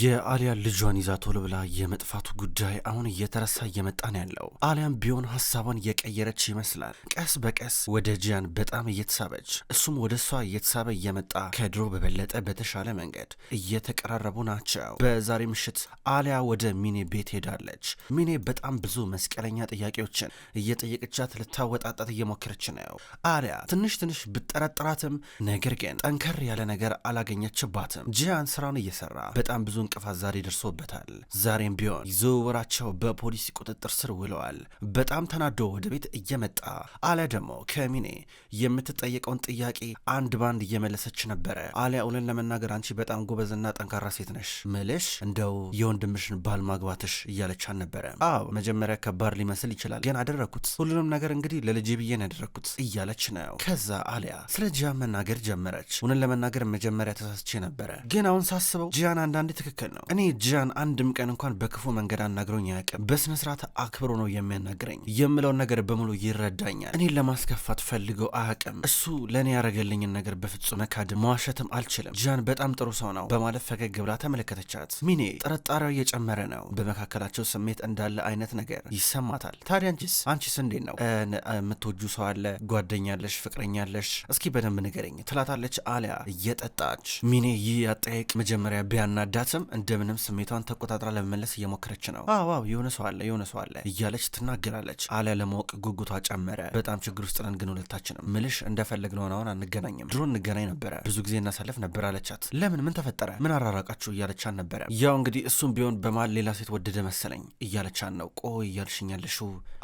የአሊያ ልጇን ይዛ ቶሎ ብላ የመጥፋቱ ጉዳይ አሁን እየተረሳ እየመጣ ነው ያለው። አሊያም ቢሆን ሀሳቧን እየቀየረች ይመስላል። ቀስ በቀስ ወደ ጂያን በጣም እየተሳበች እሱም ወደ እሷ እየተሳበ እየመጣ ከድሮ በበለጠ በተሻለ መንገድ እየተቀራረቡ ናቸው። በዛሬ ምሽት አሊያ ወደ ሚኔ ቤት ሄዳለች። ሚኔ በጣም ብዙ መስቀለኛ ጥያቄዎችን እየጠየቀቻት ልታወጣጣት እየሞከረች ነው። አሊያ ትንሽ ትንሽ ብጠረጥራትም ነገር ግን ጠንከር ያለ ነገር አላገኘችባትም። ጂያን ስራውን እየሰራ በጣም ብዙ እንቅፋት ዛሬ ደርሶበታል። ዛሬም ቢሆን ዝውውራቸው በፖሊሲ ቁጥጥር ስር ውለዋል። በጣም ተናዶ ወደ ቤት እየመጣ አሊያ ደግሞ ከሚኔ የምትጠየቀውን ጥያቄ አንድ ባንድ እየመለሰች ነበረ። አሊያ እውነት ለመናገር አንቺ በጣም ጎበዝና ጠንካራ ሴት ነሽ፣ ምልሽ እንደው የወንድምሽን ባል ማግባትሽ እያለች ነበረ። አዎ መጀመሪያ ከባድ ሊመስል ይችላል፣ ግን አደረግኩት። ሁሉንም ነገር እንግዲህ ለልጄ ብዬን ያደረግኩት እያለች ነው። ከዛ አሊያ ስለ ጂያን መናገር ጀመረች። እውነት ለመናገር መጀመሪያ ተሳስቼ ነበረ፣ ግን አሁን ሳስበው ጂያን አንዳንድ ትክክል ነው። እኔ ጃን አንድም ቀን እንኳን በክፉ መንገድ አናግሮኝ አያውቅም። በስነ ስርዓት አክብሮ ነው የሚያናግረኝ። የምለውን ነገር በሙሉ ይረዳኛል። እኔን ለማስከፋት ፈልገው አያውቅም። እሱ ለእኔ ያደረገልኝን ነገር በፍጹም መካድ መዋሸትም አልችልም። ጃን በጣም ጥሩ ሰው ነው በማለት ፈገግ ብላ ተመለከተቻት። ሚኔ ጥርጣሬው እየጨመረ ነው። በመካከላቸው ስሜት እንዳለ አይነት ነገር ይሰማታል። ታዲያ አንቺስ አንቺስ እንዴት ነው? የምትወጁ ሰው አለ? ጓደኛለሽ? ፍቅረኛለሽ? እስኪ በደንብ ንገረኝ ትላታለች አሊያ እየጠጣች። ሚኔ ይህ አጠያየቅ መጀመሪያ ቢያናዳት ጽናትም እንደምንም ስሜቷን ተቆጣጥራ ለመመለስ እየሞከረች ነው። አዋው የሆነ ሰው አለ የሆነ ሰው አለ እያለች ትናገራለች። አለ ለማወቅ ጉጉቷ ጨመረ። በጣም ችግር ውስጥ ነን ግን ሁለታችንም ምልሽ እንደፈለግን ሆነውን አንገናኝም። ድሮ እንገናኝ ነበረ፣ ብዙ ጊዜ እናሳልፍ ነበር አለቻት። ለምን ምን ተፈጠረ? ምን አራራቃችሁ? እያለቻን ነበረ። ያው እንግዲህ እሱም ቢሆን በማል ሌላ ሴት ወደደ መሰለኝ እያለቻን ነው። ቆይ እያልሽኛለሹ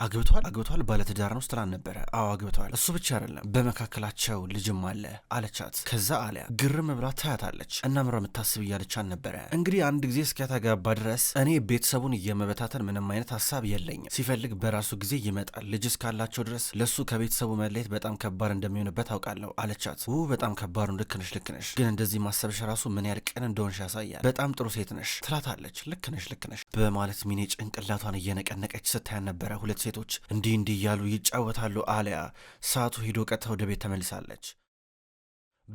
አግብተዋል አግብተዋል ባለትዳር ነው ስትላን ነበረ። አዎ አግብተዋል። እሱ ብቻ አይደለም በመካከላቸው ልጅም አለ አለቻት። ከዛ አሊያ ግርም ብላ ታያታለች። እናምራ የምታስብ እያለቻን ነበረ እንግዲህ አንድ ጊዜ እስኪያተጋባ ድረስ እኔ ቤተሰቡን እየመበታተን ምንም አይነት ሀሳብ የለኝም። ሲፈልግ በራሱ ጊዜ ይመጣል። ልጅ እስካላቸው ድረስ ለሱ ከቤተሰቡ መለየት በጣም ከባድ እንደሚሆንበት አውቃለሁ አለቻት። ው በጣም ከባድ ነው። ልክ ነሽ፣ ልክ ነሽ። ግን እንደዚህ ማሰብሽ ራሱ ምን ያህል ቅን እንደሆንሽ ያሳያል። በጣም ጥሩ ሴት ነሽ ትላታለች። ልክ ነሽ፣ ልክ ነሽ በማለት ሚኔ ጭንቅላቷን እየነቀነቀች ስታያን ነበረ። ሁለት ሴቶች እንዲህ እንዲህ እያሉ ይጫወታሉ። አሊያ ሰዓቱ ሂዶ ቀጥታ ወደ ቤት ተመልሳለች።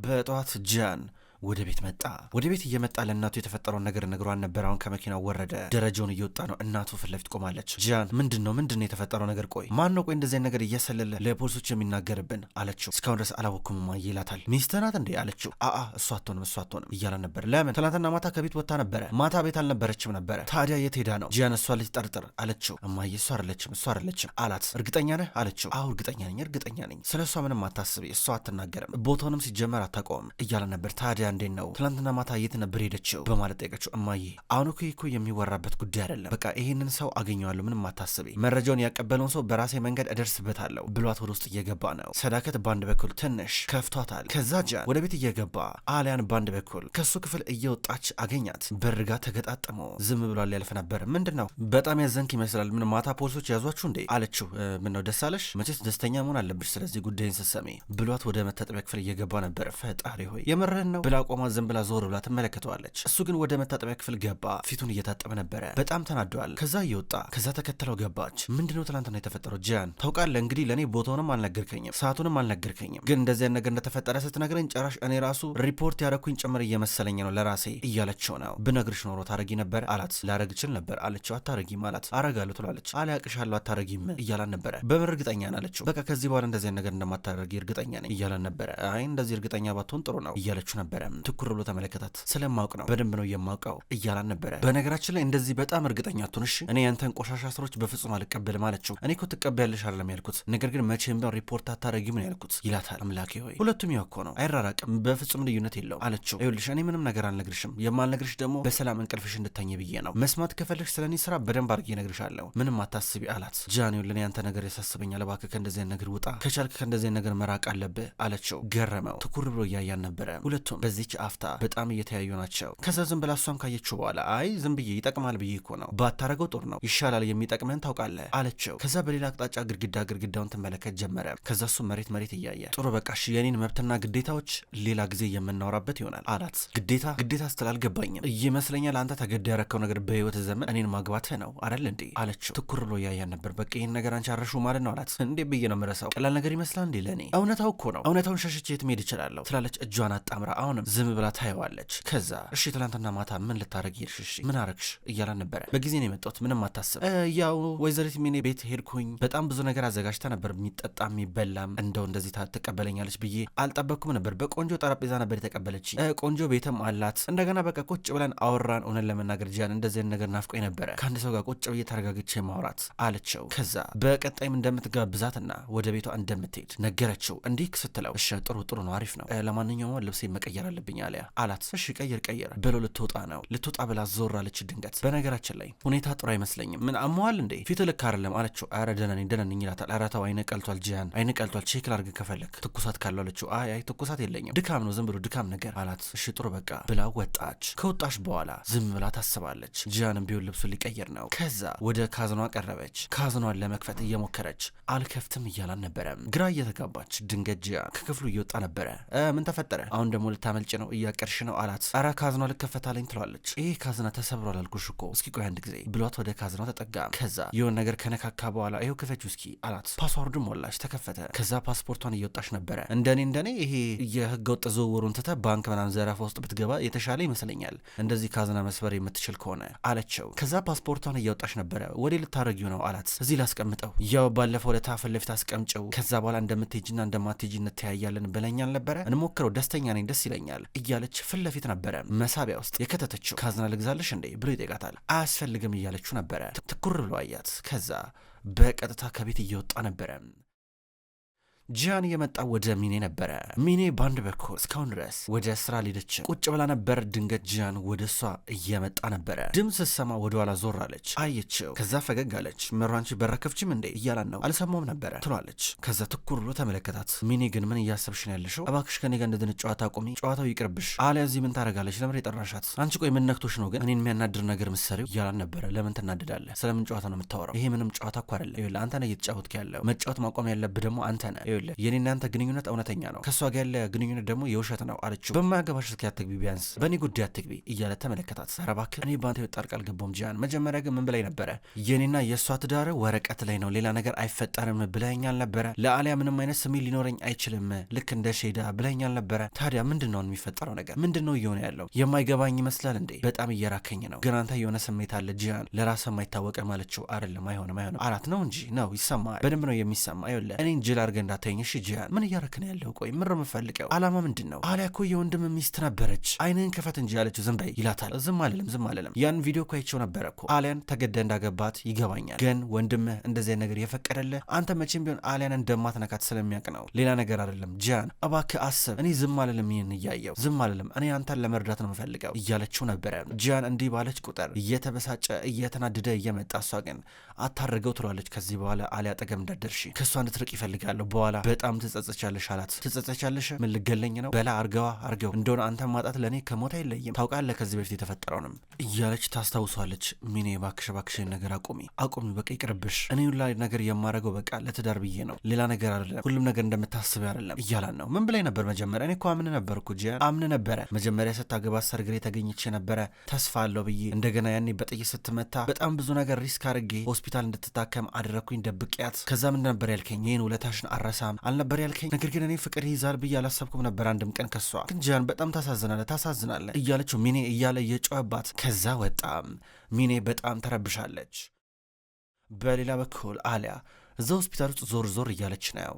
በጠዋት ጃን ወደ ቤት መጣ። ወደ ቤት እየመጣ ለእናቱ የተፈጠረውን ነገር ነግሯን ነበር። አሁን ከመኪናው ወረደ። ደረጃውን እየወጣ ነው። እናቱ ፊት ለፊት ቆማለች። ጂያን ምንድን ነው ምንድን ነው የተፈጠረው ነገር? ቆይ ማን ነው ቆይ እንደዚህ ነገር እየሰለለ ለፖሊሶች የሚናገርብን አለችው። እስካሁን ድረስ አላወኩም ማ ይላታል። ሚስትህ ናት እንዴ አለችው። አአ እሱ አትሆንም እሱ አትሆንም እያለ ነበር። ለምን ትናንትና ማታ ከቤት ወጥታ ነበረ። ማታ ቤት አልነበረችም ነበረ። ታዲያ የት ሄዳ ነው? ጂያን እሷ ልጅ ጠርጥር አለችው። እማዬ እሷ አይደለችም እሷ አይደለችም አላት። እርግጠኛ ነህ አለችው። አሁ እርግጠኛ ነኝ እርግጠኛ ነኝ። ስለ እሷ ምንም አታስቢ፣ እሷ አትናገርም፣ ቦታውንም ሲጀመር አታውቀውም እያለ ነበር ታዲያ ጉዳይ እንዴት ነው? ትናንትና ማታ የት ነበር ሄደችው? በማለት ጠየቀችው። እማዬ አሁን እኮ እኮ የሚወራበት ጉዳይ አይደለም። በቃ ይህንን ሰው አገኘዋለሁ፣ ምንም አታስቢ። መረጃውን ያቀበለውን ሰው በራሴ መንገድ እደርስበታለሁ ብሏት ወደ ውስጥ እየገባ ነው። ሰዳከት በአንድ በኩል ትንሽ ከፍቷታል። ከዛ ጃን ወደ ቤት እየገባ አሊያን በአንድ በኩል ከሱ ክፍል እየወጣች አገኛት። በርጋ ተገጣጥሞ ዝም ብሏል ያልፍ ነበር። ምንድን ነው በጣም ያዘንክ ይመስላል። ምን ማታ ፖሊሶች ያዟችሁ እንዴ አለችው። ምን ነው ደስ አለሽ? መቼስ ደስተኛ መሆን አለብሽ ስለዚህ ጉዳይን ስትሰሚ ብሏት ወደ መታጠቢያ ክፍል እየገባ ነበር። ፈጣሪ ሆይ የምርህን ነው ብላ አቋሟ ዝም ብላ ዞር ብላ ትመለከተዋለች። እሱ ግን ወደ መታጠቢያ ክፍል ገባ። ፊቱን እየታጠበ ነበረ። በጣም ተናደዋል። ከዛ እየወጣ ከዛ ተከተለው ገባች። ምንድነው ትላንትና የተፈጠረው? ጂያን ታውቃለህ እንግዲህ ለእኔ ቦታውንም አልነገርከኝም፣ ሰዓቱንም አልነገርከኝም። ግን እንደዚያን ነገር እንደተፈጠረ ስትነግረኝ ጭራሽ እኔ ራሱ ሪፖርት ያደረኩኝ ጭምር እየመሰለኝ ነው ለራሴ እያለችው ነው። ብነግርሽ ኖሮ ታረጊ ነበር አላት። ላረግ ችል ነበር አለችው። አታረጊም አላት። አረጋለሁ ትላለች። አልያቅሻለሁ አታረጊም እያላን ነበረ። በምን እርግጠኛ አለችው። በቃ ከዚህ በኋላ እንደዚያን ነገር እንደማታደርጊ እርግጠኛ ነኝ እያላን ነበረ። አይ እንደዚህ እርግጠኛ ባትሆን ጥሩ ነው እያለችው ነበረ። ትኩር ብሎ ተመለከታት። ስለማውቅ ነው በደንብ ነው የማውቀው እያላን ነበረ። በነገራችን ላይ እንደዚህ በጣም እርግጠኛ ትንሽ እኔ ያንተን ቆሻሻ ስሮች በፍጹም አልቀበልም አለችው። እኔ እኮ ትቀበያለሽ አይደለም ያልኩት፣ ነገር ግን መቼም ቢሆን ሪፖርት አታረጊም ነው ያልኩት ይላታል። አምላኬ ሆይ ሁለቱም ያኮ ነው አይራራቅም፣ በፍጹም ልዩነት የለው አለችው። ይኸውልሽ እኔ ምንም ነገር አልነግርሽም። የማልነግርሽ ደግሞ በሰላም እንቅልፍሽ እንድተኝ ብዬ ነው። መስማት ከፈለግሽ ስለኔ ስራ በደንብ አድርጌ እነግርሻለሁ፣ ምንም አታስቢ አላት። ጃኔውን ለእኔ ያንተ ነገር ያሳስበኛል፣ እባክህ ከእንደዚህ ነገር ውጣ፣ ከቻልክ ከእንደዚህ ነገር መራቅ አለብህ አለችው። ገረመው ትኩር ብሎ እያያን ነበረ ሁለቱም ለዚች አፍታ በጣም እየተያዩ ናቸው። ከዛ ዝም ብላ እሷም ካየችው በኋላ አይ ዝም ብዬ ይጠቅማል ብዬ እኮ ነው ባታረገው ጦር ነው ይሻላል፣ የሚጠቅምህን ታውቃለህ አለችው። ከዛ በሌላ አቅጣጫ ግድግዳ ግድግዳውን ትመለከት ጀመረ። ከዛ እሱ መሬት መሬት እያየ ጥሩ በቃ እሺ የኔን መብትና ግዴታዎች ሌላ ጊዜ የምናወራበት ይሆናል አላት። ግዴታ ግዴታ ስትል አልገባኝም ይመስለኛል አንተ ተገዳ ያረከው ነገር በህይወት ዘመን እኔን ማግባትህ ነው አደል እንዴ አለችው። ትኩር ብሎ እያያን ነበር። በቃ ይህን ነገር አንቺ አረሹ ማለት ነው አላት። እንዴ ብዬ ነው ምረሳው ቀላል ነገር ይመስላል እንዴ ለእኔ እውነታው እኮ ነው እውነታውን ሸሽቼ የት መሄድ ይችላለሁ ትላለች። እጇን አጣምራ አሁንም ዝም ብላ ታየዋለች። ከዛ እሺ ትላንትና ማታ ምን ልታደረግ ሄድሽ? ምን አረግሽ? እያላ ነበረ። በጊዜ ነው የመጣሁት፣ ምንም አታስብ። ያው ወይዘሪት ሚኔ ቤት ሄድኩኝ። በጣም ብዙ ነገር አዘጋጅታ ነበር፣ የሚጠጣ የሚበላም። እንደው እንደዚህ ትቀበለኛለች ብዬ አልጠበቅኩም ነበር። በቆንጆ ጠረጴዛ ነበር የተቀበለች፣ ቆንጆ ቤትም አላት። እንደገና በቃ ቁጭ ብለን አወራን። እውነት ለመናገር ጃን እንደዚህ ነገር ናፍቆኝ ነበረ፣ ከአንድ ሰው ጋር ቁጭ ብዬ ተረጋግቼ ማውራት አለችው። ከዛ በቀጣይም እንደምትጋብዛትና ወደ ቤቷ እንደምትሄድ ነገረችው። እንዲህ ስትለው እሺ ጥሩ ጥሩ ነው፣ አሪፍ ነው። ለማንኛውም ልብሴ መቀየር አለብኝ አሊያ አላት። እሺ ቀይር ቀይር ብሎ ልትወጣ ነው። ልትወጣ ብላ ዞር አለች ድንገት። በነገራችን ላይ ሁኔታ ጥሩ አይመስለኝም። ምን አመዋል እንዴ? ፊት ልክ አይደለም አለችው። አረ ደህና ነኝ ደህና ነኝ ይላታል። አረ ተው አይነ ቀልቷል ጂያን፣ አይነ ቀልቷል ቼክ ላድርግ ከፈለክ ትኩሳት ካለው አለችው። አይ አይ ትኩሳት የለኝም ድካም ነው ዝም ብሎ ድካም ነገር አላት። እሺ ጥሩ በቃ ብላ ወጣች። ከወጣች በኋላ ዝም ብላ ታስባለች። ጂያንም ቢሆን ልብሱን ሊቀይር ነው። ከዛ ወደ ካዝኗ ቀረበች። ካዝኗን ለመክፈት እየሞከረች አልከፍትም እያላን ነበረም። ግራ እየተጋባች ድንገት ጂያ ከክፍሉ እየወጣ ነበረ። ምን ተፈጠረ? አሁን ደግሞ ልታመልጭ ልታመልጭ ነው? እያቀርሽ ነው አላት። ኧረ ካዝና ልከፈታለኝ ትሏለች። ይህ ካዝና ተሰብሯል አልኩሽ እኮ እስኪ ቆይ አንድ ጊዜ ብሏት ወደ ካዝኗ ተጠጋ። ከዛ የሆን ነገር ከነካካ በኋላ ይኸው ክፈች እስኪ አላት። ፓስዋርዱን ሞላች፣ ተከፈተ። ከዛ ፓስፖርቷን እየወጣች ነበረ። እንደኔ እንደኔ ይሄ የህገ ወጥ ዝውውሩን ትተ ባንክ ምናምን ዘረፋ ውስጥ ብትገባ የተሻለ ይመስለኛል፣ እንደዚህ ካዝና መስበር የምትችል ከሆነ አለችው። ከዛ ፓስፖርቷን እያወጣች ነበረ። ወዴ ልታረጊው ነው አላት። እዚህ ላስቀምጠው፣ ያው ባለፈው ለታ ፊት ለፊት አስቀምጨው፣ ከዛ በኋላ እንደምትሄጂና እንደማትሄጂ እንተያያለን ብለኛል ነበረ። እንሞክረው፣ ደስተኛ ነኝ፣ ደስ ይለኛል ይመስለኛል እያለች ፊት ለፊት ነበረ መሳቢያ ውስጥ የከተተችው። ካዝና ልግዛልሽ እንዴ ብሎ ይጠይቃታል። አያስፈልግም እያለችው ነበረ። ትኩር ብሎ አያት። ከዛ በቀጥታ ከቤት እየወጣ ነበረም። ጂያን የመጣ ወደ ሚኔ ነበረ። ሚኔ በአንድ በኩል እስካሁን ድረስ ወደ ስራ ሊደችም ቁጭ ብላ ነበር። ድንገት ጂያን ወደ እሷ እየመጣ ነበረ። ድምፅ ወደ ኋላ ዞር አለች፣ አየችው። ከዛ ፈገግ አለች። መሯንች በረከፍችም እንዴ እያላን ነው አልሰማውም ነበረ ትሏለች። ከዛ ትኩር ብሎ ተመለከታት። ሚኔ ግን ምን እያሰብሽ ነው ያለሽው? እባክሽ ከኔ ጋር እንደዚህ ጨዋታ ቁሚ፣ ጨዋታው ይቅርብሽ። አሊያ እዚህ ምን ታደርጋለች? ለምን የጠራሻት አንቺ? ቆይ ምን ነክቶሽ ነው ግን እኔን የሚያናድር ነገር ምሰሪው እያላን ነበረ። ለምን ትናድዳለህ? ስለምን ጨዋታ ነው የምታወራው? ይሄ ምንም ጨዋታ እኮ አይደለም። አንተ ነህ እየተጫወትክ ያለው። መጫወት ማቋም ያለብህ ደግሞ አንተ ነህ የለ የኔ እናንተ ግንኙነት እውነተኛ ነው፣ ከእሷ ጋር ያለ ግንኙነት ደግሞ የውሸት ነው አለችው። በማያገባሽ እስኪ አትግቢ፣ ቢያንስ በእኔ ጉዳይ አትግቢ እያለ ተመለከታት። ኧረ እባክህ እኔ በአንተ የወጣ ቃል ገባሁም ጂያን፣ መጀመሪያ ግን ምን ብላኝ ነበረ? የኔና የእሷ ትዳር ወረቀት ላይ ነው፣ ሌላ ነገር አይፈጠርም ብለኸኛል ነበረ። ለአሊያ ምንም አይነት ስሜት ሊኖረኝ አይችልም፣ ልክ እንደ ሼዳ ብለኸኛል ነበረ። ታዲያ ምንድን ነው የሚፈጠረው ነገር? ምንድን ነው እየሆነ ያለው? የማይገባኝ ይመስላል እንዴ? በጣም እየራከኝ ነው። ግን አንተ የሆነ ስሜት አለ ጂያን፣ ለራስ የማይታወቀ ማለችው። አይደለም አይሆንም፣ አይሆንም አላት። ነው እንጂ ነው ይሰማል፣ በደንብ ነው የሚሰማ። ይኸውልህ እኔን ጅል አድርገህ እንዳታ ተኝ እሺ ጂያን፣ ምን እያረክን ያለው? ቆይ ምር የምፈልገው አላማ ምንድን ነው? አሊያ እኮ የወንድም ሚስት ነበረች፣ አይንህን ክፈት እንጂ ያለችው ዝም በይ ይላታል። ዝም አልልም፣ ዝም አልልም። ያን ቪዲዮ እኮ አይቼው ነበረ እኮ አሊያን ተገደ እንዳገባት ይገባኛል። ግን ወንድምህ እንደዚህ ነገር የፈቀደልህ አንተ መቼም ቢሆን አሊያን እንደማትነካት ስለሚያውቅ ነው፣ ሌላ ነገር አይደለም። ጂያን እባክህ አስብ። እኔ ዝም አልልም፣ ይህን እያየው ዝም አልልም። እኔ አንተን ለመርዳት ነው የምፈልገው እያለችው ነበረ። ጂያን እንዲህ ባለች ቁጥር እየተበሳጨ እየተናደደ እየመጣ እሷ ግን አታርገው ትሏለች። ከዚህ በኋላ አሊያ አጠገብ እንዳደርሺ ከእሷ እንድትርቅ ይፈልጋለሁ በኋላ በጣም ትጸጸቻለሽ አላት። ትጸጸቻለሽ ምን ልገለኝ ነው? በላ አርገዋ አርገው እንደሆነ አንተን ማጣት ለእኔ ከሞት አይለይም። ታውቃለህ ከዚህ በፊት የተፈጠረውንም እያለች ታስታውሷለች። ሚኔ ባክሽ ባክሽን ነገር አቁሚ አቁሚ፣ በቃ ይቅርብሽ። እኔ ሁላ ነገር የማደርገው በቃ ለትዳር ብዬ ነው፣ ሌላ ነገር አይደለም። ሁሉም ነገር እንደምታስብ አይደለም እያላን ነው። ምን ብላይ ነበር መጀመሪያ? እኔ እኮ አምን ነበርኩ እኮ ጂያን አምን ነበረ መጀመሪያ ስታገባት ሰርግ ላይ ተገኝቼ ነበረ ተስፋ አለው ብዬ እንደገና ያኔ በጥይት ስትመታ በጣም ብዙ ነገር ሪስክ አድርጌ ሆስፒታል እንድትታከም አደረግኩኝ ደብቅያት። ከዛ እንደነበር ያልከኝ ይህን ውለታሽን አረሳ በጣም አልነበር ያልከኝ። ነገር ግን እኔ ፍቅር ይዛል ብዬ አላሰብኩም ነበር አንድም ቀን። ከሷ ግን በጣም ታሳዝናለ ታሳዝናለ እያለችው ሚኔ እያለ የጮኸባት ከዛ ወጣም። ሚኔ በጣም ተረብሻለች። በሌላ በኩል አሊያ እዛ ሆስፒታል ውስጥ ዞር ዞር እያለች ነው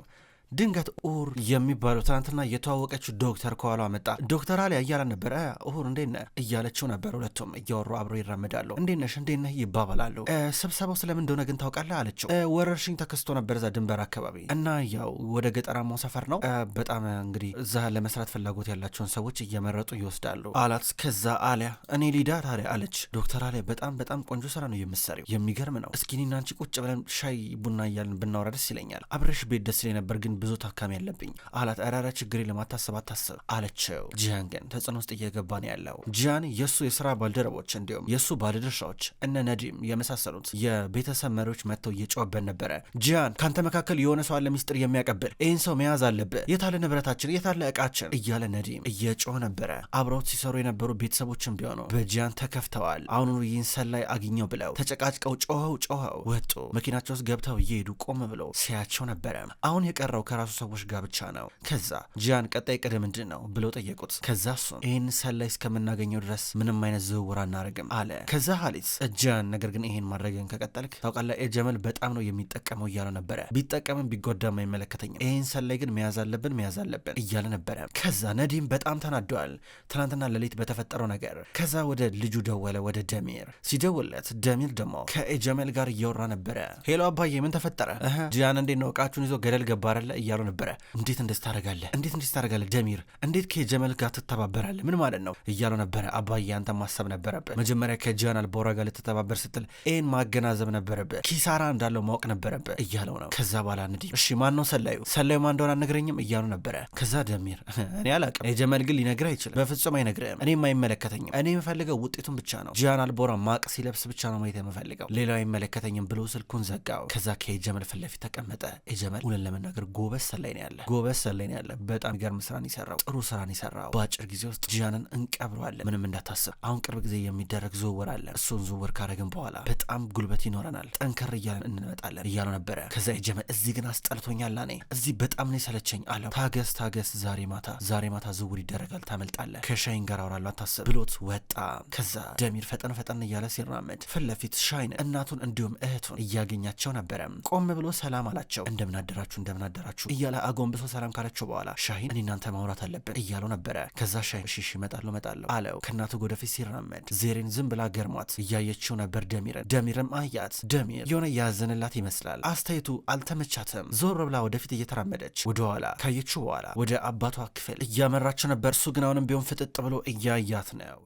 ድንገት ኡር የሚባለው ትናንትና የተዋወቀችው ዶክተር ከኋላ መጣ። ዶክተር አሊያ እያለ ነበረ። ኡር እንዴነ እያለችው ነበር። ሁለቱም እያወሩ አብሮ ይራመዳሉ። እንዴነሽ እንዴነ እንዴት ይባባላሉ። ስብሰባው ስለምን እንደሆነ ግን ታውቃለህ አለችው። ወረርሽኝ ተከስቶ ነበር እዛ ድንበር አካባቢ እና ያው ወደ ገጠራማው ሰፈር ነው። በጣም እንግዲህ እዛ ለመስራት ፍላጎት ያላቸውን ሰዎች እየመረጡ ይወስዳሉ አላት። ከዛ አሊያ እኔ ሊዳ ታዲያ አለች። ዶክተር አሊያ በጣም በጣም ቆንጆ ስራ ነው የምሰሪው፣ የሚገርም ነው። እስኪ እኔና አንቺ ቁጭ ብለን ሻይ ቡና እያልን ብናወራ ደስ ይለኛል። አብረሽ ቤት ደስ ይለኝ ነበር ግን ብዙ ታካሚ ያለብኝ አላት። ኧረ ችግር የለም አታስብ አታስብ አለችው። ጂያን ግን ተጽዕኖ ውስጥ እየገባ ነው ያለው። ጂያን የእሱ የስራ ባልደረቦች እንዲሁም የእሱ ባለድርሻዎች እነ ነዲም የመሳሰሉት የቤተሰብ መሪዎች መጥተው እየጮህብን ነበረ። ጂያን ካንተ መካከል የሆነ ሰው አለ ሚስጥር የሚያቀብል ይህን ሰው መያዝ አለብህ። የታለ ንብረታችን የታለ እቃችን እያለ ነዲም እየጮህ ነበረ። አብረውት ሲሰሩ የነበሩ ቤተሰቦችን ቢሆኑ በጂያን ተከፍተዋል። አሁኑኑ ይህን ሰላይ አግኘው ብለው ተጨቃጭቀው ጮኸው ጮኸው ወጡ። መኪናቸው ውስጥ ገብተው እየሄዱ ቆም ብለው ሲያቸው ነበረ። አሁን የቀረው ከራሱ ሰዎች ጋር ብቻ ነው። ከዛ ጂያን ቀጣይ ቅድ ምንድን ነው ብለው ጠየቁት። ከዛ እሱም ይህን ላይ እስከምናገኘው ድረስ ምንም አይነት ዝውውር አናደርግም አለ። ከዛ ሀሊስ እጃን ነገር ግን ይህን ማድረግን ከቀጠልክ ታውቃለህ ኤልጀመል በጣም ነው የሚጠቀመው እያለ ነበረ። ቢጠቀምም ቢጎዳም አይመለከተኝም፣ ይህን ሰላይ ግን መያዝ አለብን መያዝ አለብን እያለ ነበረ። ከዛ ነዲም በጣም ተናደዋል፣ ትናንትና ሌሊት በተፈጠረው ነገር። ከዛ ወደ ልጁ ደወለ፣ ወደ ደሚር ሲደውለት፣ ደሚር ደግሞ ከኤጀመል ጋር እያወራ ነበረ። ሄሎ አባዬ ምን ተፈጠረ? ጂያን እንዴት ነው እቃችሁን ይዞ ገደል ገባ አይደለ እያሉ ነበረ። እንዴት እንደዚህ ታደርጋለህ? እንዴት እንደዚህ ታደርጋለህ? ደሚር እንዴት ከጀመል ጋር ትተባበራለህ? ምን ማለት ነው እያሉ ነበረ። አባዬ አንተ ማሰብ ነበረብህ መጀመሪያ ከጂያን አልቦራ ጋር ልትተባበር ስትል ኤን ማገናዘብ ነበረብህ፣ ኪሳራ እንዳለው ማወቅ ነበረብህ እያለው ነው። ከዛ በኋላ ንዲ እሺ ማን ነው ሰላዩ? ሰላዩ ማን እንደሆነ አነግረኝም እያሉ ነበረ። ከዛ ደሚር እኔ አላቅም፣ የጀመል ግን ሊነግርህ አይችልም፣ በፍጹም አይነግርህም፣ እኔም አይመለከተኝም። እኔ የምፈልገው ውጤቱን ብቻ ነው። ጂያን ቦራ ማቅ ሲለብስ ብቻ ነው ማየት የምፈልገው፣ ሌላው አይመለከተኝም ብሎ ስልኩን ዘጋው። ከዛ ከየጀመል ፊት ለፊት ተቀመጠ። የጀመል ሁለን ለመናገር ጎበዝ ሰላይ ነው ያለ ጎበዝ ሰላይ ነው ያለ። በጣም ገርም ስራን ይሰራው ጥሩ ስራን ይሰራው። በአጭር ጊዜ ውስጥ ጂያንን እንቀብረዋለን። ምንም እንዳታስብ። አሁን ቅርብ ጊዜ የሚደረግ ዝውውር አለ። እሱን ዝውውር ካረግን በኋላ በጣም ጉልበት ይኖረናል፣ ጠንከር እያለን እንመጣለን እያሉ ነበረ። ከዛ የጀመን እዚህ ግን አስጠልቶኛል፣ ላኔ እዚህ በጣም ነው የሰለቸኝ አለው። ታገስ ታገስ፣ ዛሬ ማታ ዛሬ ማታ ዝውውር ይደረጋል፣ ታመልጣለህ። ከሻይን ጋር አውራለሁ፣ አታስብ ብሎት ወጣ። ከዛ ደሚር ፈጠን ፈጠን እያለ ሲራመድ ፊት ለፊት ሻይን እናቱን እንዲሁም እህቱን እያገኛቸው ነበረ። ቆም ብሎ ሰላም አላቸው። እንደምናደራችሁ እንደምናደራ ናችሁ እያለ አጎንብሶ ሰላም ካለችው በኋላ ሻሂን እኔ እናንተ ማውራት አለብን እያለው ነበረ። ከዛ ሻሂን እሺ እመጣለሁ እመጣለሁ አለው። ከእናቱ ጎደፊት ሲራመድ ዜሬን ዝም ብላ ገርሟት እያየችው ነበር ደሚርን። ደሚርም አያት። ደሚር የሆነ ያዘንላት ይመስላል። አስተያየቱ አልተመቻትም። ዞር ብላ ወደፊት እየተራመደች ወደኋላ ካየችው በኋላ ወደ አባቷ ክፍል እያመራችው ነበር። እሱ ግን አሁንም ቢሆን ፍጥጥ ብሎ እያያት ነው።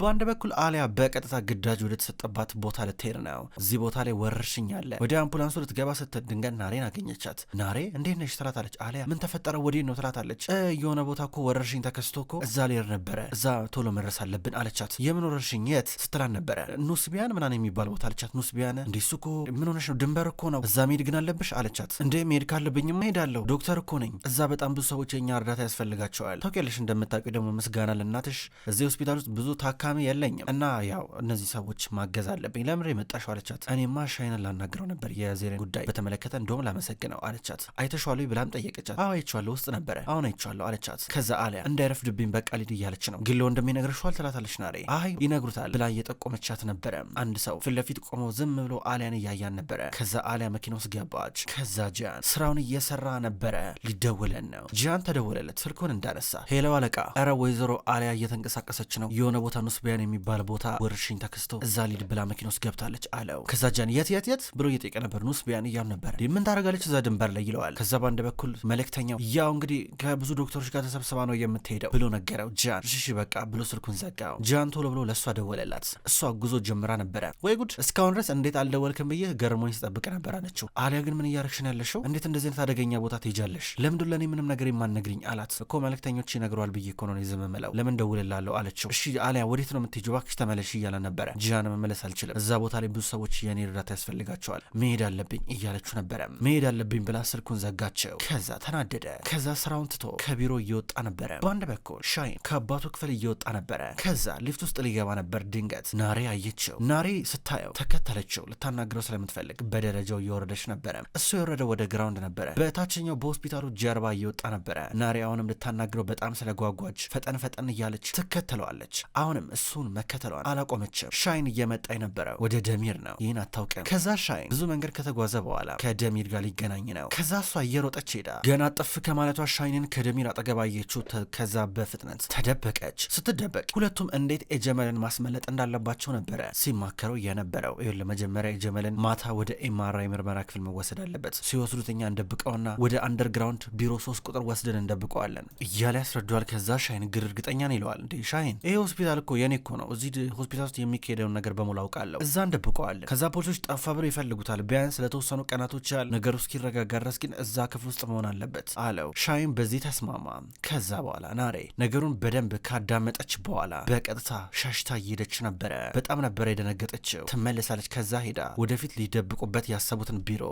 በአንድ በኩል አሊያ በቀጥታ ግዳጅ ወደ ተሰጠባት ቦታ ልትሄድ ነው። እዚህ ቦታ ላይ ወረርሽኝ አለ። ወደ አምቡላንሱ ልትገባ ስትል ድንገት ናሬን አገኘቻት። ናሬ እንዴት ነሽ ትላታለች። አሊያ ምን ተፈጠረ? ወዴት ነው ትላታለች። የሆነ ቦታ እኮ ወረርሽኝ ተከስቶ እኮ እዛ ልሄድ ነበረ፣ እዛ ቶሎ መድረስ አለብን አለቻት። የምን ወረርሽኝ የት ስትላን ነበረ። ኑስቢያን ምናን የሚባል ቦታ አለቻት። ኑስቢያን እንዴ እሱ እኮ ምን ሆነሽ ነው? ድንበር እኮ ነው። እዛ መሄድ ግን አለብሽ አለቻት። እንዴ መሄድ ካለብኝማ እሄዳለሁ፣ ዶክተር እኮ ነኝ። እዛ በጣም ብዙ ሰዎች የኛ እርዳታ ያስፈልጋቸዋል። ታውቂያለሽ፣ እንደምታውቂው ደግሞ ምስጋና ለእናትሽ እዚህ ሆስፒታል ውስጥ ብዙ ታ ታካሚ የለኝም እና ያው እነዚህ ሰዎች ማገዝ አለብኝ። ለምን የመጣሽው አለቻት። እኔማ ሻይንን ላናግረው ነበር የዜሬን ጉዳይ በተመለከተ እንደውም ላመሰግነው አለቻት። አይተሸዋሉ ብላም ጠየቀቻት። አዎ አይቼዋለሁ፣ ውስጥ ነበረ፣ አሁን አይቼዋለሁ አለቻት። ከዛ አሊያ እንዳይረፍድብኝ በቃ ሊድ እያለች ነው ግሎ እንደሚነግርሸዋል ትላታለች። ናሬ አይ ይነግሩታል ብላ እየጠቆመቻት ነበረ። አንድ ሰው ፊት ለፊት ቆሞ ዝም ብሎ አሊያን እያያን ነበረ። ከዛ አሊያ መኪና ውስጥ ገባች። ከዛ ጂያን ስራውን እየሰራ ነበረ። ሊደውለን ነው። ጂያን ተደወለለት። ስልኩን እንዳነሳ ሄለው አለቃ፣ ኧረ ወይዘሮ አሊያ እየተንቀሳቀሰች ነው የሆነ ቦታ መስቢያን የሚባል ቦታ ወረርሽኝ ተከስቶ እዛ ሊድ ብላ መኪና ውስጥ ገብታለች አለው። ከዛ ጃን የት የት የት ብሎ እየጠየቀ ነበር። ንስ ቢያን እያሉ ነበር ምን ታደርጋለች እዛ ድንበር ላይ ይለዋል። ከዛ በአንድ በኩል መልእክተኛው ያው እንግዲህ ከብዙ ዶክተሮች ጋር ተሰብስባ ነው የምትሄደው ብሎ ነገረው። ጃን ሽሽ በቃ ብሎ ስልኩን ዘጋው። ጃን ቶሎ ብሎ ለእሷ ደወለላት። እሷ ጉዞ ጀምራ ነበረ። ወይ ጉድ እስካሁን ድረስ እንዴት አልደወልክም ብዬ ገርሞኝ ስጠብቅ ነበር አለችው። አሊያ ግን ምን እያረግሽ ነው ያለሽው? እንዴት እንደዚህ አይነት አደገኛ ቦታ ትሄጃለሽ? ለምንድ ለእኔ ምንም ነገር የማነግሪኝ አላት። እኮ መልእክተኞች ይነግረዋል ብዬ እኮ ነው የዝም ምለው ለምን ደውልላለሁ አለችው። እሺ አሊያ ወዴት ነው የምትሄጂው? እባክሽ ተመለሽ እያለ ነበረ። ጂያን መመለስ አልችልም፣ እዛ ቦታ ላይ ብዙ ሰዎች የኔ እርዳታ ያስፈልጋቸዋል፣ መሄድ አለብኝ እያለችው ነበረ። መሄድ አለብኝ ብላ ስልኩን ዘጋቸው። ከዛ ተናደደ። ከዛ ስራውን ትቶ ከቢሮ እየወጣ ነበረ። በአንድ በኩል ሻይን ከአባቱ ክፍል እየወጣ ነበረ። ከዛ ሊፍት ውስጥ ሊገባ ነበር። ድንገት ናሬ አየችው። ናሬ ስታየው ተከተለችው። ልታናግረው ስለምትፈልግ በደረጃው እየወረደች ነበረ። እሱ የወረደው ወደ ግራውንድ ነበረ። በታችኛው በሆስፒታሉ ጀርባ እየወጣ ነበረ። ናሬ አሁንም ልታናግረው በጣም ስለጓጓች ፈጠን ፈጠን እያለች ትከተለዋለች። አሁንም እሱን መከተሏን አላቆመችም። ሻይን እየመጣ የነበረው ወደ ደሚር ነው፣ ይህን አታውቅም። ከዛ ሻይን ብዙ መንገድ ከተጓዘ በኋላ ከደሚር ጋር ሊገናኝ ነው። ከዛ እሷ እየሮጠች ሄዳ ገና ጥፍ ከማለቷ ሻይንን ከደሚር አጠገብ አየችው። ከዛ በፍጥነት ተደበቀች። ስትደበቅ ሁለቱም እንዴት ኤጀመልን ማስመለጥ እንዳለባቸው ነበረ ሲማከረው የነበረው። ይሁን ለመጀመሪያ ኤጀመልን ማታ ወደ ኤምአርአይ ምርመራ ክፍል መወሰድ አለበት። ሲወስዱት እኛ እንደብቀውና ወደ አንደርግራውንድ ቢሮ ሶስት ቁጥር ወስደን እንደብቀዋለን እያለ ያስረዷል። ከዛ ሻይን ግር እርግጠኛ ነው ይለዋል። እንዴ ሻይን ይሄ ሆስፒታል እኮ የኔ እኮ ነው። እዚህ ሆስፒታል ውስጥ የሚካሄደውን ነገር በሙሉ አውቃለሁ። እዛ እንደብቀዋለን። ከዛ ፖሊሶች ጠፋ ብለው ይፈልጉታል። ቢያንስ ለተወሰኑ ቀናቶች ያህል ነገሩ እስኪረጋጋ ድረስ ግን እዛ ክፍል ውስጥ መሆን አለበት አለው። ሻይም በዚህ ተስማማ። ከዛ በኋላ ናሬ ነገሩን በደንብ ካዳመጠች በኋላ በቀጥታ ሻሽታ እየሄደች ነበረ። በጣም ነበረ የደነገጠችው። ትመለሳለች። ከዛ ሄዳ ወደፊት ሊደብቁበት ያሰቡትን ቢሮ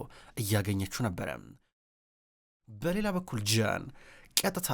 እያገኘችው ነበረ። በሌላ በኩል ጃን ቀጥታ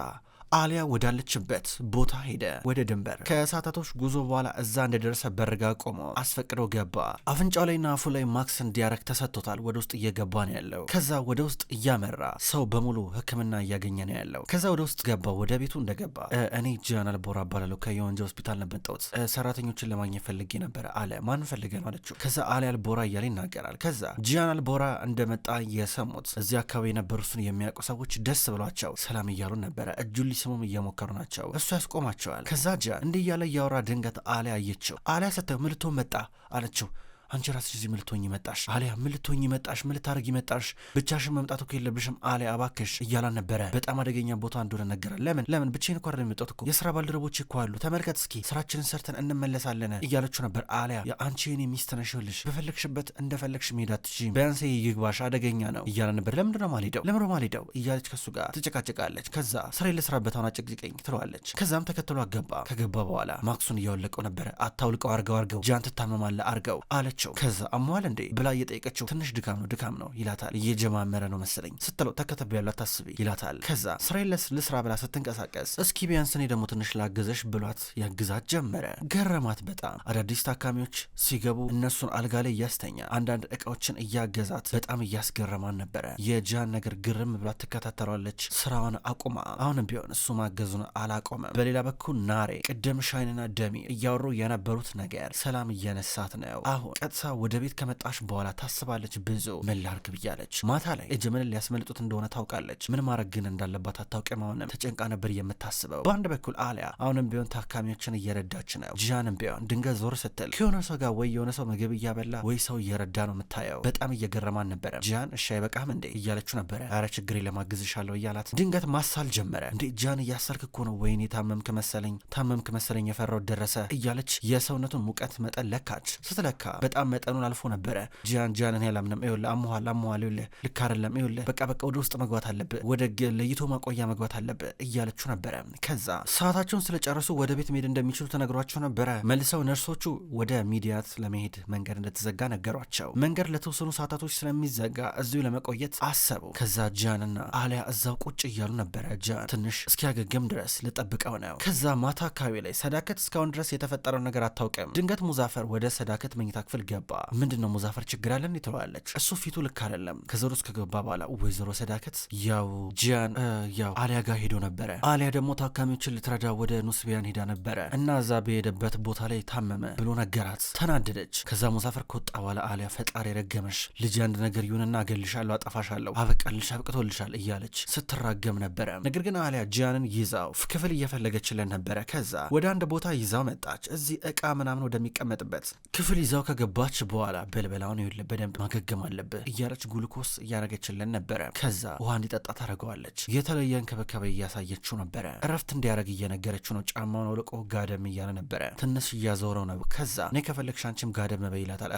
አሊያ ወዳለችበት ቦታ ሄደ፣ ወደ ድንበር። ከሰዓታቶች ጉዞ በኋላ እዛ እንደደረሰ በርጋ ቆሞ አስፈቅዶ ገባ። አፍንጫው ላይና አፉ ላይ ማክስ እንዲያረግ ተሰጥቶታል። ወደ ውስጥ እየገባ ነው ያለው። ከዛ ወደ ውስጥ እያመራ ሰው በሙሉ ሕክምና እያገኘ ነው ያለው። ከዛ ወደ ውስጥ ገባ። ወደ ቤቱ እንደገባ እኔ ጃን ቦራ እባላለሁ ከየወንጀ ሆስፒታል ነበጠውት ሰራተኞችን ለማግኘት ፈልጌ ነበረ አለ። ማን ፈልገ ነው አለችው። ከዛ አሊያ አልቦራ እያለ ይናገራል። ከዛ ጂያን አልቦራ እንደመጣ የሰሙት እዚህ አካባቢ የነበሩ እሱን የሚያውቁ ሰዎች ደስ ብሏቸው ሰላም እያሉ ነበረ እጁ ሊስሙም እየሞከሩ ናቸው። እሱ ያስቆማቸዋል። ከዛ ጃን እንዲህ እያለ እያወራ ድንገት አሊያ አየችው። አሊያ ምልቶ መጣ አለችው። አንቺ ራስሽ እዚህ ምልቶኝ ይመጣሽ አሊያ ምልቶኝ ይመጣሽ ምልታረግ ይመጣሽ ብቻሽን መምጣት እኮ የለብሽም አሊያ እባክሽ እያላን ነበረ። በጣም አደገኛ ቦታ እንደሆነ ነገረ። ለምን ለምን ብቻዬን እኮ አይደለም የመጣሁት እኮ የስራ ባልደረቦች እኮ አሉ። ተመልከት እስኪ ስራችንን ሰርተን እንመለሳለን እያለችው ነበር። አሊያ የአንቺ የኔ ሚስት ነሽ፣ ይኸውልሽ በፈለግሽበት እንደፈለግሽ መሄድ አትችይም። ቢያንስ ይግባሽ አደገኛ ነው እያላን ነበር። ነው ለምንድነው ማልሄደው ለምሮ ማልሄደው እያለች ከሱ ጋር ትጨቃጨቃለች። ከዛ ስራ ለስራበት አሁን አጨቅጭቀኝ ትለዋለች። ከዛም ተከትሎ አገባ። ከገባ በኋላ ማክሱን እያወለቀው ነበረ። አታውልቀው አርገው አርገው ጃን ትታመማለ አርገው አለች አለችው። ከዛ አሟል እንዴ ብላ እየጠየቀችው ትንሽ ድካም ነው ድካም ነው ይላታል። እየጀማመረ ነው መሰለኝ ስትለው ተከተብ ያሉ አታስቢ ይላታል። ከዛ ስራዬን ልስራ ብላ ስትንቀሳቀስ እስኪ ቢያንስ እኔ ደግሞ ትንሽ ላግዘሽ ብሏት ያግዛት ጀመረ። ገረማት በጣም አዳዲስ ታካሚዎች ሲገቡ እነሱን አልጋ ላይ እያስተኛ አንዳንድ እቃዎችን እያገዛት በጣም እያስገረማን ነበረ። የጃን ነገር ግርም ብላ ትከታተሏለች። ስራዋን አቁማ አሁንም ቢሆን እሱ ማገዙን አላቆመም። በሌላ በኩል ናሬ ቅድም ሻይንና ደሚ እያወሩ የነበሩት ነገር ሰላም እያነሳት ነው። አሁን ቀጥታ ወደ ቤት ከመጣሽ በኋላ ታስባለች። ብዙ ምን ላርግ ብያለች። ማታ ላይ እጅምንን ሊያስመልጡት እንደሆነ ታውቃለች። ምን ማድረግ ግን እንዳለባት አታውቂም። አሁንም ተጨንቃ ነበር የምታስበው። በአንድ በኩል አሊያ አሁንም ቢሆን ታካሚዎችን እየረዳች ነው። ጂያንም ቢሆን ድንገት ዞር ስትል ከሆነ ሰው ጋር ወይ የሆነ ሰው ምግብ እያበላ ወይ ሰው እየረዳ ነው የምታየው። በጣም እየገረማን ነበረ። ጂያን እሺ አይበቃም እንዴ እያለችው ነበረ። አረ ችግሬ ለማግዝሻለሁ እያላት ድንገት ማሳል ጀመረ። እንዴ ጂያን እያሳልክ እኮ ነው። ወይኔ ታመምክ መሰለኝ ታመምክ መሰለኝ የፈራው ደረሰ እያለች የሰውነቱን ሙቀት መጠን ለካች። ስትለካ በጣም መጠኑን አልፎ ነበረ። ጂያን ጂያንን ያላምንም ይኸውልህ አሞሃል አሞሃል ይኸውልህ ልክ አደለም ይኸውልህ በቃ በቃ ወደ ውስጥ መግባት አለብ ወደ ለይቶ ማቆያ መግባት አለብ እያለችው ነበረ። ከዛ ሰዓታቸውን ስለጨረሱ ወደ ቤት መሄድ እንደሚችሉ ተነግሯቸው ነበረ። መልሰው ነርሶቹ ወደ ሚዲያት ለመሄድ መንገድ እንደተዘጋ ነገሯቸው። መንገድ ለተወሰኑ ሰዓታቶች ስለሚዘጋ እዚሁ ለመቆየት አሰቡ። ከዛ ጂያንና አሊያ እዛው ቁጭ እያሉ ነበረ። ጂያን ትንሽ እስኪያገግም ድረስ ልጠብቀው ነው። ከዛ ማታ አካባቢ ላይ ሰዳከት እስካሁን ድረስ የተፈጠረው ነገር አታውቅም። ድንገት ሙዛፈር ወደ ሰዳከት መኝታ ክፍል ክፍል ገባ። ምንድን ነው ሙዛፈር ችግር አለን ትለዋለች። እሱ ፊቱ ልክ አይደለም። ከዘሮ ውስጥ ከገባ በኋላ ወይዘሮ ሰዳከት ያው ጂያን ያው አሊያ ጋር ሄዶ ነበረ። አሊያ ደግሞ ታካሚዎችን ልትረዳ ወደ ኑስቢያን ሄዳ ነበረ እና እዛ በሄደበት ቦታ ላይ ታመመ ብሎ ነገራት። ተናደደች። ከዛ ሙዛፈር ከወጣ በኋላ አሊያ ፈጣሪ ረገመሽ ልጅ አንድ ነገር ይሁንና አገልሻለሁ፣ አጠፋሻለሁ፣ አበቃልሽ፣ አብቅቶልሻል እያለች ስትራገም ነበረ። ነገር ግን አሊያ ጂያንን ይዛው ክፍል እየፈለገችለን ነበረ። ከዛ ወደ አንድ ቦታ ይዛው መጣች። እዚህ እቃ ምናምን ወደሚቀመጥበት ክፍል ይዛው ከገባ ከገባች በኋላ በልበላውን ይኸውልህ በደንብ ማገገም አለብህ እያለች ጉልኮስ እያረገችልን ነበረ። ከዛ ውሃ እንዲጠጣ ታደርገዋለች። የተለየ እንክብካቤ እያሳየችው ነበረ። እረፍት እንዲያደረግ እየነገረችው ነው። ጫማውን አውልቆ ጋደም እያለ ነበረ። ትንሽ እያዘውረው ነው። ከዛ እኔ ከፈለግሽ አንቺም ጋደም በይ ይላታል።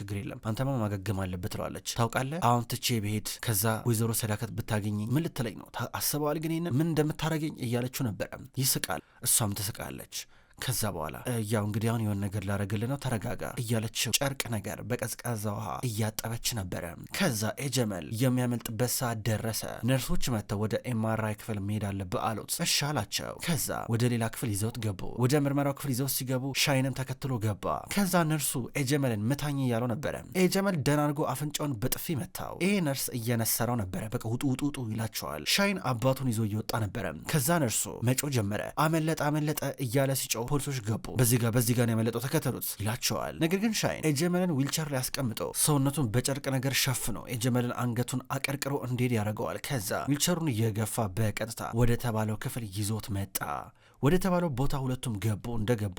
ችግር የለም አንተማ ማገገም አለብህ ትለዋለች። ታውቃለህ አሁን ትቼ ብሄድ ከዛ ወይዘሮ ሰዳከት ብታገኝ ምን ልትለኝ ነው? አስበዋል ግን ምን እንደምታደርገኝ እያለችው ነበረ። ይስቃል፣ እሷም ትስቃለች። ከዛ በኋላ ያው እንግዲህ አሁን የሆነ ነገር ላረግል ነው ተረጋጋ እያለችው ጨርቅ ነገር በቀዝቃዛ ውሃ እያጠበች ነበረ። ከዛ ኤጀመል የሚያመልጥበት ሰዓት ደረሰ። ነርሶች መጥተው ወደ ኤምአርአይ ክፍል መሄድ አለብህ አሉት። እሺ አላቸው። ከዛ ወደ ሌላ ክፍል ይዘውት ገቡ። ወደ ምርመራው ክፍል ይዘውት ሲገቡ ሻይንም ተከትሎ ገባ። ከዛ ነርሱ ኤጀመልን ምታኝ እያለው ነበረ። ኤጀመል ደናንጎ አፍንጫውን በጥፊ መታው። ይሄ ነርስ እየነሰረው ነበረ። በቃ ውጡ ውጡ ውጡ ይላቸዋል። ሻይን አባቱን ይዞ እየወጣ ነበረ። ከዛ ነርሱ መጮ ጀመረ። አመለጠ አመለጠ እያለ ሲጮ ፖሊሶች ገቡ። በዚህ ጋር በዚህ ጋር ያመለጠው ተከተሉት ይላቸዋል። ነገር ግን ሻይን ኤጀመልን ዊልቸር ላይ ሰውነቱን በጨርቅ ነገር ሸፍኖ ኤጀመልን አንገቱን አቀርቅሮ እንዲሄድ ያደርገዋል። ከዛ ዊልቸሩን እየገፋ በቀጥታ ወደ ተባለው ክፍል ይዞት መጣ። ወደ ተባለው ቦታ ሁለቱም ገቡ። እንደገቡ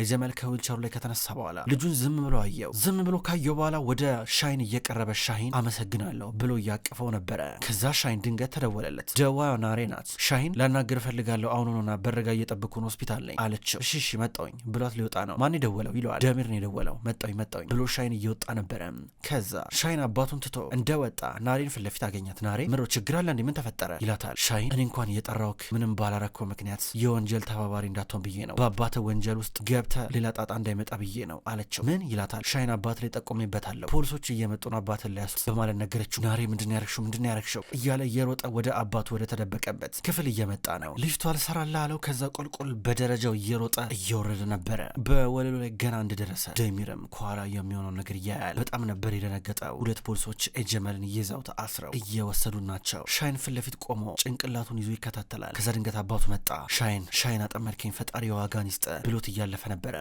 የጀመል ከዊልቸሩ ላይ ከተነሳ በኋላ ልጁን ዝም ብሎ አየው። ዝም ብሎ ካየው በኋላ ወደ ሻይን እየቀረበ ሻይን አመሰግናለሁ ብሎ እያቀፈው ነበረ። ከዛ ሻይን ድንገት ተደወለለት። ደዋ ናሬ ናት። ሻይን ላናግር እፈልጋለሁ አሁኑ ነውና በረጋ እየጠብኩን ሆስፒታል ነኝ አለችው። እሺ እሺ መጣውኝ ብሏት ሊወጣ ነው። ማን የደወለው ይለዋል። ደሚር ነው የደወለው። መጣውኝ መጣውኝ ብሎ ሻይን እየወጣ ነበረ። ከዛ ሻይን አባቱን ትቶ እንደወጣ ናሬን ፊት ለፊት አገኛት። ናሬ ምሮ ችግር አለ እንዴ ምን ተፈጠረ ይላታል። ሻይን እኔ እንኳን እየጠራውክ ምንም ባላረኮ ምክንያት የወንጀል ተባባሪ እንዳትሆን ብዬ ነው በአባተ ወንጀል ውስጥ ገብ ገብተህ ሌላ ጣጣ እንዳይመጣ ብዬ ነው አለችው። ምን ይላታል። ሻይን አባት ላይ ጠቆሜበታለሁ፣ ፖሊሶች እየመጡ ነው አባትን ሊያሱ በማለት ነገረችው። ናሬ ምንድን ያረግሽው ምንድን ያረግሽው እያለ እየሮጠ ወደ አባቱ ወደ ተደበቀበት ክፍል እየመጣ ነው። ልጅቷ አልሰራላ አለው። ከዛ ቆልቆል በደረጃው እየሮጠ እየወረደ ነበረ። በወለሉ ላይ ገና እንደደረሰ ደሚርም ከኋላ የሚሆነው ነገር እያያል በጣም ነበር የደነገጠው። ሁለት ፖሊሶች ኤጀመልን እየዛው ተአስረው እየወሰዱ ናቸው። ሻይን ፊት ለፊት ቆሞ ጭንቅላቱን ይዞ ይከታተላል። ከዛ ድንገት አባቱ መጣ። ሻይን ሻይን አጠመድከኝ፣ ፈጣሪ ዋጋን ይስጠ ብሎት እያለፈ ነበረ።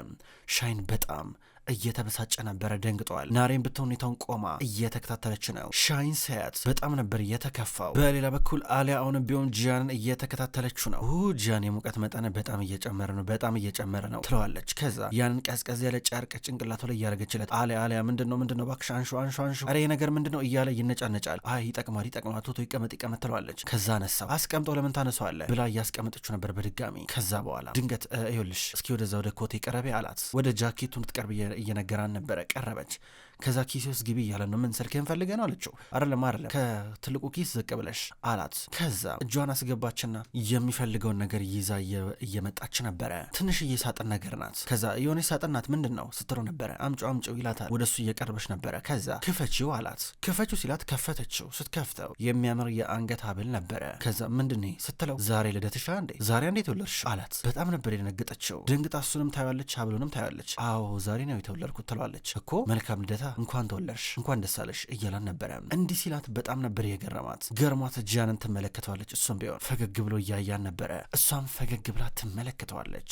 ሻይን በጣም እየተበሳጨ ነበረ። ደንግጠዋል። ናሬን ሁኔታውን ቆማ እየተከታተለች ነው። ሻይን ሳያት በጣም ነበር የተከፋው። በሌላ በኩል አሊያ አሁን ቢሆን ጂያንን እየተከታተለችው ነው። ጂያን የሙቀት መጠን በጣም እየጨመረ ነው፣ በጣም እየጨመረ ነው ትለዋለች። ከዛ ያንን ቀዝቀዝ ያለ ጨርቅ ጭንቅላቱ ላይ እያደረገችለት አሊያ አሊያ ምንድን ነው ምንድን ነው እባክሽ አንሹ አንሹ አንሹ፣ ኧረ ይሄ ነገር ምንድን ነው እያለ ይነጫነጫል። አይ ይጠቅማል ይጠቅማል፣ ቶቶ ይቀመጥ ይቀመጥ ትለዋለች። ከዛ አነሳው። አስቀምጦ ለምን ታነሳዋለህ ብላ እያስቀመጠችው ነበር በድጋሚ። ከዛ በኋላ ድንገት ይኸውልሽ እስኪ ወደዛ ወደ ኮቴ ቀረቤ አላት። ወደ ጃኬቱን ትቀርብ እየነገራን ነበረ። ቀረበች ከዛ ኪስ ውስጥ ግቢ እያለ ነው። ምን ስልክህን ፈልገህ ነው አለችው። አይደለም አይደለም ከትልቁ ኪስ ዝቅ ብለሽ አላት። ከዛ እጇን አስገባችና የሚፈልገውን ነገር ይዛ እየመጣች ነበረ። ትንሽዬ ሳጥን ነገር ናት። ከዛ የሆነ ሳጥን ናት ምንድን ነው ስትለው ነበረ። አምጪው አምጪው ይላታል። ወደሱ እየቀረበች ነበረ። ከዛ ክፈችው አላት። ክፈችው ሲላት ከፈተችው። ስትከፍተው የሚያምር የአንገት ሀብል ነበረ። ከዛ ምንድን ስትለው ዛሬ ልደትሻ እንዴ ዛሬ እንዴ ተወለድሽ አላት። በጣም ነበር የደነገጠችው። ደንግጣ እሱንም ታያለች፣ ሀብሉንም ታያለች። አዎ ዛሬ ነው የተወለድኩት ትለዋለች። እኮ መልካም ልደት እንኳን ተወለድሽ እንኳን ደስ አለሽ እያላን ነበረ። እንዲህ ሲላት በጣም ነበር የገረማት። ገርሟት ጂያንን ትመለከተዋለች። እሱም ቢሆን ፈገግ ብሎ እያያን ነበረ። እሷም ፈገግ ብላ ትመለከተዋለች።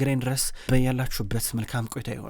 እስከምንገናኝ ድረስ በያላችሁበት መልካም ቆይታ ይሆን።